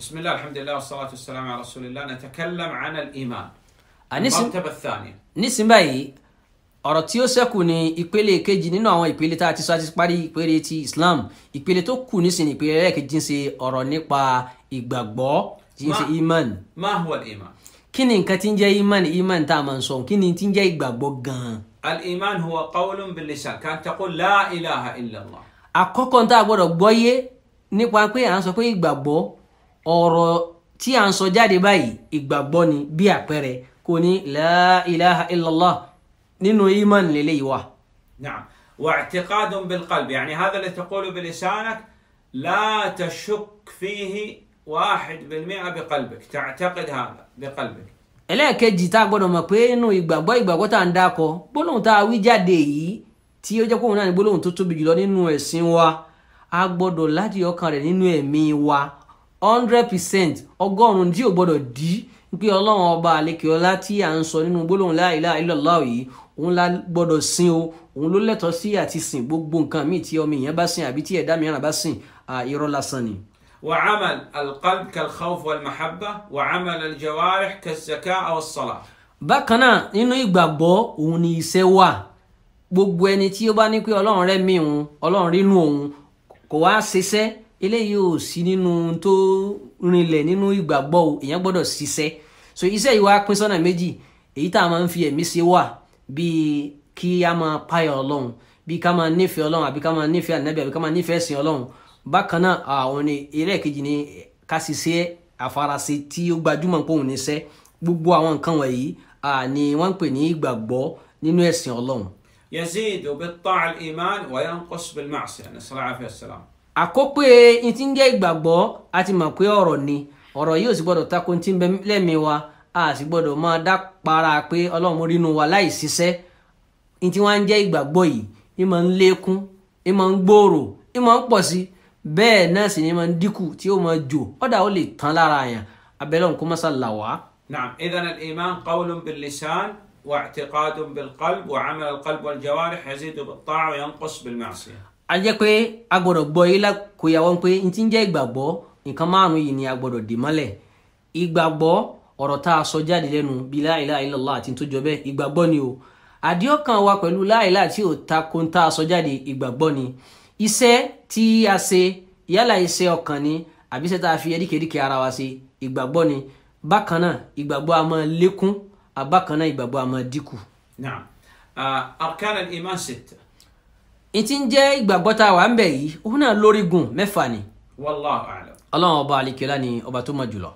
بسم الله الحمد لله والصلاة والسلام على رسول الله نتكلم عن الإيمان المرتبة الثانية nísìn báyìí ọ̀rọ̀ tí ó ṣẹ́kù ní ìpele kejì nínú àwọn ìpele tá a ti sọ àti parí ìpele ti Islam ìpele tó kù nísìn ìpele ẹlẹ́ẹ̀kejì ń ṣe ọ̀rọ̀ nípa ìgbàgbọ́ tí ń ṣe iman. ma huwa al-iman. kí ni nǹkan tí ń jẹ́ iman iman tá a máa ń sọ kí ni tí ń jẹ́ ìgbàgbọ́ gan-an. al-iman huwa qawlun bil-lisan kan taqul la ilaha illallah. àkọ́kọ́ tá a gbọ́dọ̀ gbọ́yé nípa pé à ń sọ pé ìgbàgbọ́ ọ̀rọ̀ tí a ń sọ jáde báyìí ìgbàgbọ́ ni bí àpẹẹrẹ kò ní la ilaha illallah nínú iman lélẹ̀ yìí wà. Na'am. واعتقاد بالقلب يعني هذا اللي تقوله بلسانك لا تشك فيه واحد بالمئة بقلبك تعتقد هذا بقلبك ẹlẹ́ẹ̀kejì tá a gbọ́dọ̀ mọ̀ pé inú ìgbàgbọ́ ìgbàgbọ́ tá à ń dákọ gbólóhùn tá a wí jáde yìí tí ó jẹ́ kóhùn náà ní gbólóhùn tó tóbi jùlọ nínú ẹ̀sìn wa a gbọ́dọ̀ láti ọkàn rẹ̀ nínú ẹ̀mí wa hundred percent ọgọ́rùn-ún tí ò gbọ́dọ̀ dí pé ọlọ́run ọba àlekèọlá tí à ń sọ nínú gbólóhùn la ilaha yìí òun la gbọ́dọ̀ sìn o òun ló lẹ́tọ̀ọ́ sí àti sìn gbogbo nǹkan míì tí ọmọ èèyàn bá sìn àbí tí ẹ̀dá mìíràn bá sìn irọ́ lásán ni. وعمل القلب كالخوف والمحبة وعمل الجوارح كالزكاة أو الصلاة. bákan náà nínú ìgbàgbọ́ òun ni iṣẹ́ wà gbogbo ẹni tí ó bá ní pé ọlọ́run rẹ̀ mí òun ọlọ́run rínú òun kò wá ṣiṣẹ́ eléyìí ò sí nínú tó rinlẹ̀ nínú ìgbàgbọ́ o èèyàn gbọ́dọ̀ ṣiṣẹ́ so iṣẹ́ yìí wá pín sọ́nà méjì èyí tá a máa ń fi ẹ̀mí ṣe wà bíi kí a máa páyà ọlọ́run bíi ká máa nífẹ̀ẹ́ ọlọ́run àbí ká máa nífẹ̀ẹ́ ànábì àbí ká máa nífẹ̀ẹ́ ẹ̀sìn ọlọ́run bákan náà àwọn ẹlẹ́ẹ̀kejì ni ká ṣiṣẹ́ àfarasí tí ó gbajúmọ̀ pòun níṣẹ́ gbogbo àwọn nǹkan wọ̀nyí ni wọ́n ń pè ní ìgbàgbọ́ nínú ẹ̀sìn ọlọ́run. yazidu bi ta'al iman wa yanqus bil ma'siyah nasalaam alayhi àkópè ntí ń jẹ́ ìgbàgbọ́ a ti mọ̀ pé ọ̀rọ̀ ni ọ̀rọ̀ yìí ò sì gbọ́dọ̀ tako ntí ń bẹ lẹ́mìí wa a sì gbọ́dọ̀ máa dá para pé ọlọ́run rínú wa láì ṣiṣẹ́ ntí wọ́n ń jẹ́ ìgbàgbọ́ yìí ń máa ń lékún ń máa ń gbòòrò ń máa ń pọ̀ sí bẹ́ẹ̀ náà sì ni máa ń dínkù tí ó máa jò ọ̀dà ó lè tán lára yàn abẹ́lẹ́ òǹkó mọ́sá là wá. Naam, idhan al-iman qawlun bil-lisan واعتقاد بالقلب وعمل القلب والجوارح يزيد بالطاعة وينقص بالمعصية a jẹ́ pé a gbọ́dọ̀ gbọ́ yìí lákòyàwó pé n ti ń jẹ́ ìgbàgbọ́ nǹkan márùn-ún yìí ni a gbọ́dọ̀ dè mọ́lẹ̀ ìgbàgbọ́ ọ̀rọ̀ tá a sọ jáde lẹ́nu bíi la ilaha àti tó jọ bẹ́ẹ̀ ìgbàgbọ́ ni o àdíọ́kàn wa pẹ̀lú la ilaha tí ò ta ko tá a sọ jáde ìgbàgbọ́ ni iṣẹ́ tí a ṣe yálà iṣẹ́ ọkàn ni àbí iṣẹ́ tá a fi ẹ̀díkẹ̀díkẹ̀ ara wa ṣe ìgbàgbọ́ ni bákan náà ìgbàgbọ́ a máa lékún àbákan náà ìgbàgbọ́ a máa dínkù. Naam, ah, arkan al-iman ìtí ń jẹ́ ìgbàgbọ́ tá a wà ń bẹ̀ yìí òun náà lórígun mẹ́fà ni. wallahu a'lam. ọlọ́run ọba àlekèlá ni ọba tó mọ̀ jùlọ.